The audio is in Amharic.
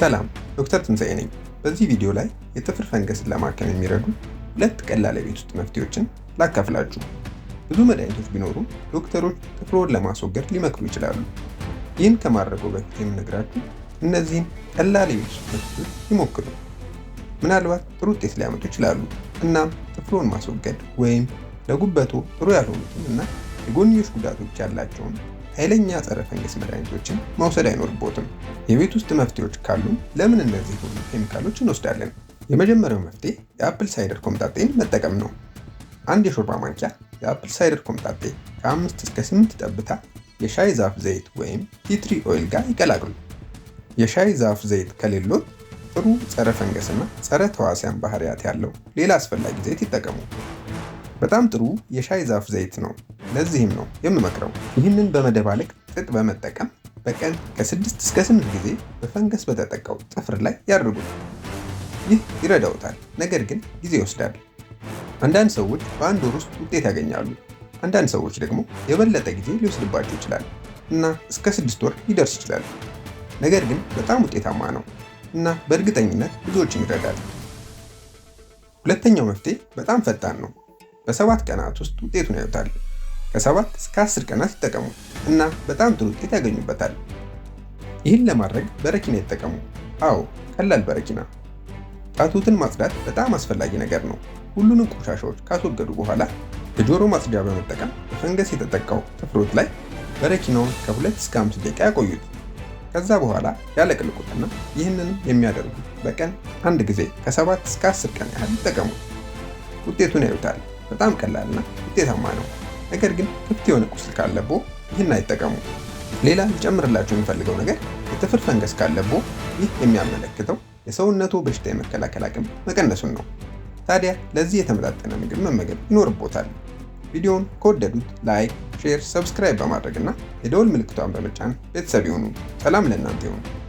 ሰላም ዶክተር ትንሳኤ ነኝ። በዚህ ቪዲዮ ላይ የጥፍር ፈንገስን ለማከም የሚረዱ ሁለት ቀላል የቤት ውስጥ መፍትሄዎችን ላካፍላችሁ። ብዙ መድኃኒቶች ቢኖሩም ዶክተሮች ጥፍሮን ለማስወገድ ሊመክሩ ይችላሉ። ይህን ከማድረገው በፊት የምነግራችሁ እነዚህን ቀላል የቤት ውስጥ መፍትሄዎች ይሞክሩ። ምናልባት ጥሩ ውጤት ሊያመጡ ይችላሉ። እናም ጥፍሮን ማስወገድ ወይም ለጉበቶ ጥሩ ያልሆኑትን እና የጎንዮሽ ጉዳቶች ያላቸውን ኃይለኛ ጸረ ፈንገስ መድኃኒቶችን መውሰድ አይኖርቦትም። የቤት ውስጥ መፍትሄዎች ካሉ ለምን እነዚህ ሁሉ ኬሚካሎች እንወስዳለን? የመጀመሪያው መፍትሄ የአፕል ሳይደር ኮምጣጤን መጠቀም ነው። አንድ የሾርባ ማንኪያ የአፕል ሳይደር ኮምጣጤ ከ5 እስከ 8 ጠብታ የሻይ ዛፍ ዘይት ወይም ቲትሪ ትሪ ኦይል ጋር ይቀላቅሉ። የሻይ ዛፍ ዘይት ከሌሎት ጥሩ ጸረ ፈንገስና ጸረ ተዋሲያን ባህሪያት ያለው ሌላ አስፈላጊ ዘይት ይጠቀሙ። በጣም ጥሩ የሻይ ዛፍ ዘይት ነው ለዚህም ነው የምመክረው ይህንን በመደባለቅ ጥጥ በመጠቀም በቀን ከ6 እስከ 8 ጊዜ በፈንገስ በተጠቃው ጥፍር ላይ ያድርጉት። ይህ ይረዳውታል፣ ነገር ግን ጊዜ ይወስዳል። አንዳንድ ሰዎች በአንድ ወር ውስጥ ውጤት ያገኛሉ፣ አንዳንድ ሰዎች ደግሞ የበለጠ ጊዜ ሊወስድባቸው ይችላል እና እስከ 6 ወር ሊደርስ ይችላል። ነገር ግን በጣም ውጤታማ ነው እና በእርግጠኝነት ብዙዎችን ይረዳል። ሁለተኛው መፍትሄ በጣም ፈጣን ነው። በሰባት ቀናት ውስጥ ውጤቱን ያዩታል። ከሰባት እስከ አስር ቀናት ይጠቀሙ እና በጣም ጥሩ ውጤት ያገኙበታል። ይህን ለማድረግ በረኪና ይጠቀሙ። አዎ ቀላል በረኪና። ጣቱትን ማጽዳት በጣም አስፈላጊ ነገር ነው። ሁሉንም ቆሻሻዎች ካስወገዱ በኋላ በጆሮ ማጽጃ በመጠቀም በፈንገስ የተጠቃው ጥፍሮት ላይ በረኪናውን ከ2 እስከ 5 ደቂቃ ያቆዩት። ከዛ በኋላ ያለቅልቁትና ይህንን የሚያደርጉት በቀን አንድ ጊዜ ከ7 እስከ 10 ቀን ያህል ይጠቀሙ። ውጤቱን ያዩታል። በጣም ቀላልና ውጤታማ ነው። ነገር ግን ክፍት የሆነ ቁስል ካለቦ ይህን አይጠቀሙ። ሌላ ልጨምርላችሁ የምፈልገው ነገር የጥፍር ፈንገስ ካለቦ ይህ የሚያመለክተው የሰውነቱ በሽታ የመከላከል አቅም መቀነሱን ነው። ታዲያ ለዚህ የተመጣጠነ ምግብ መመገብ ይኖርቦታል። ቪዲዮውን ከወደዱት ላይክ፣ ሼር፣ ሰብስክራይብ በማድረግ እና የደወል ምልክቷን በመጫን ቤተሰብ ይሁኑ። ሰላም ለእናንተ ይሁኑ።